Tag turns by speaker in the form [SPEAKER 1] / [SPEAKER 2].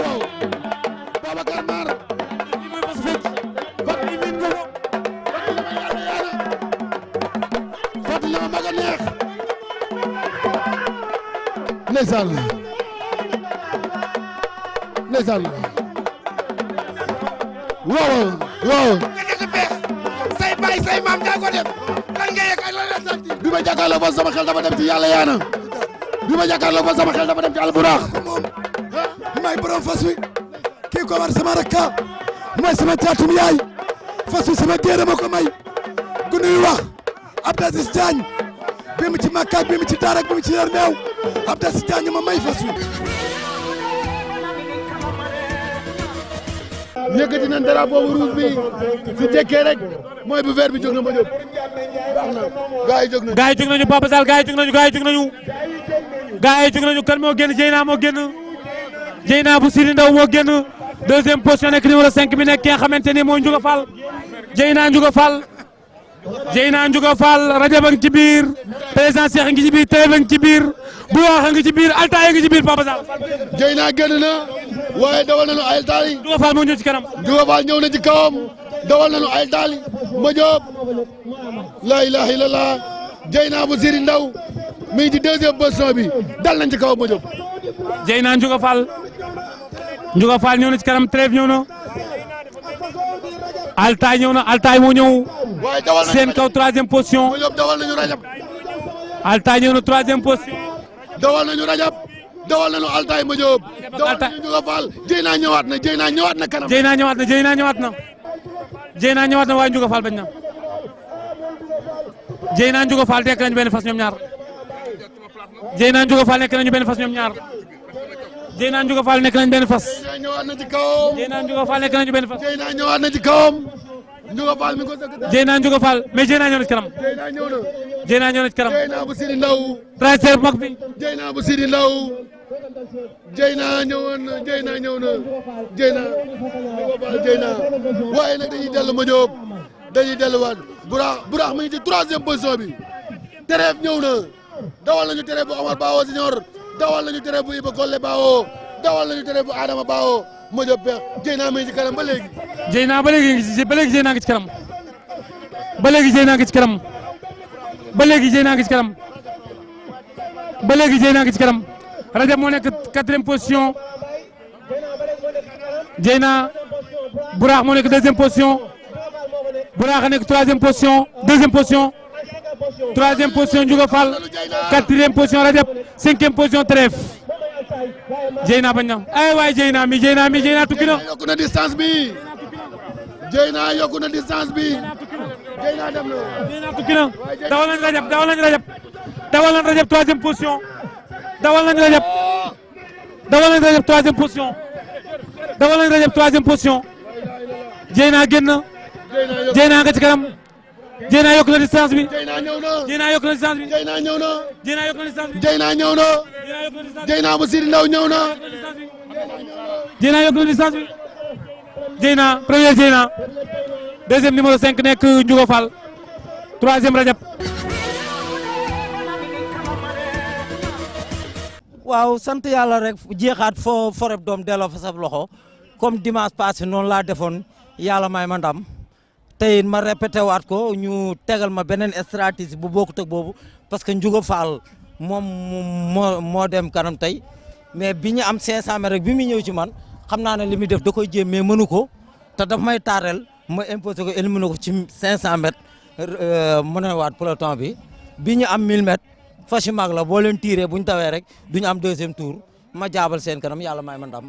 [SPEAKER 1] waaw Babacar Mar ni muy fas fecc fat ni min nga fat ni ma yàlla yaana fat ni ma maga neex ndeysaan ndeysaan waaw waaw say baay say maam daa ko def lan nga yëg ak lan la sant bi ma jàkkaarloo ba sama xel dafa dem ci yàlla yaana bi ma jàkkaarloo ba sama xel dafa dem ci alburaax may borom fas wi kii ko war sama rakka may sama caatum yaay fas wi sama géer ma ko may ku nuy wax Abdou Aziz Diagne bi mu ci Makka bi mu ci Daara bi mu ci Yarmeew Abdou Aziz Diagne ma may fas wi yëkkati nañ dara boobu ruus bi su tekkee rek
[SPEAKER 2] mooy bu vert bi jóg na ma jóg baax na gaa yi jóg nañu gaa yi jóg nañu Papa Sall gaa yi jóg nañu gaa yi kan moo génn Jeyna moo génn Dieynabou Siri Ndaw moo génn deuxième position nekk numéro 5 bi nekk ki nga xamante ni mooy Ndiouga Fall Dieyna Ndiouga Fall Dieyna Ndiouga Fall Rajab a ngi ci biir président Cheikh ngi ci biir Taïb a ci biir Bouwaax a ngi ci biir Altaay a ci biir Papa Sall. Dieyna génn na waaye dawal nañu ay Altaay. Ndiouga ñëw na ci kawam
[SPEAKER 1] dawal nañu ay Altaay ma la ilaha illallah Dieynabou
[SPEAKER 2] Siri Ndaw mi ngi ci deuxième bi dal nañ ci kawam ma jóob. Dieyna Ndiouga Fall ñëw na ci kanam trève ñëw na Altaay ñëw na Altaay moo ñëw seen kaw troisième position Altaay ñëw na troisième position
[SPEAKER 1] dawal nañu Rajab dawal nañu Altaay ma Jóob
[SPEAKER 2] dawal nañu Ndiouga Fall jéy naa ñëwaat na jéy naa ñëwaat na kanam jéy naa ñëwaat na jéy naa ñëwaat na jéy naa ñëwaat na waaye Ndiouga Fall bañ na jéy naa Ndiouga Fall nekk nañu benn fas ñoom ñaar jéy naa Ndiouga Fall nekk nañu benn fas ñoom ñaar Dieyna Ndiouga Fall nekk nañ benn fas. Dieyna ñëwaat na ci kawam. Dieyna Ndiouga Fall nekk nañ benn fas. Dieyna ñëwaat na ci kawam.
[SPEAKER 1] Ndiouga Fall mi ko sëkk.
[SPEAKER 2] Dieyna Ndiouga Fall mais Dieyna ñëw na ci kanam. Dieyna ñëw na. Dieyna ñëw na ci kanam. Dieyna bu Sidi Ndaw. transfert bu mag bi. Dieyna bu Sidi Ndaw.
[SPEAKER 1] Dieyna ñëwoon na Dieyna ñëw na Dieyna. Dieyna waaye nag dañuy dellu ma jóob dañuy delluwaat Buraax Buraax mi ngi ci troisième position bi. tereef ñëw na dawal nañu tereef bu Omar Bawo Senior. dawal lañu tere bu deuxième
[SPEAKER 2] position troisième position deuxième position troisième position Fall. quatrième position la jàpp cinquième position trèf Dieyna bañ na ay eh waay Dieyna mi Dieyna mi Dieyna tukki na yokku na distance bi Dieyna yokku na distance bi Dieyna dem na Dieyna tukki na dawal nañ Rajab dawal nañ Rajab dawal nañ Rajab troisième position dawal nañ Rajab dawal nañ Rajab troisième position Rajab troisième position Dieyna génn Dieyna yokk na distance bi. Dieyna yokk na distance
[SPEAKER 1] bi. Dieyna ñëw na. Dieyna yokk na distance bi. Dieyna Ndaw ñëw na.
[SPEAKER 2] Dieyna yokk na distance bi. Dieyna premier Dieyna. deuxième numéro nekk Ndiouga Fall. troisième Rajab. waaw sant yàlla rek jeexaat foo foreb doom delloo fa sa loxo comme dimanche passé noonu laa defoon yàlla may ma ndam. tey ma répété waat ko ñu tegal ma beneen stratégie bu bokkut boobu parce que Ndiouga Fall moom moo moo dem kanam tey mais bi ñu am 500 mètres rek bi muy ñëw ci man xam naa ne li muy def da koy jéem mais mënu ko te daf may taareel ma imposé ko éliminé ko ci 500 mètres euh, mu ne waat peloton bi bi ñu am 1000 mètres facilement la boo leen tiiree bu ñu tawee rek du ñu am deuxième tour ma jaabal seen kanam yàlla may ma ndam.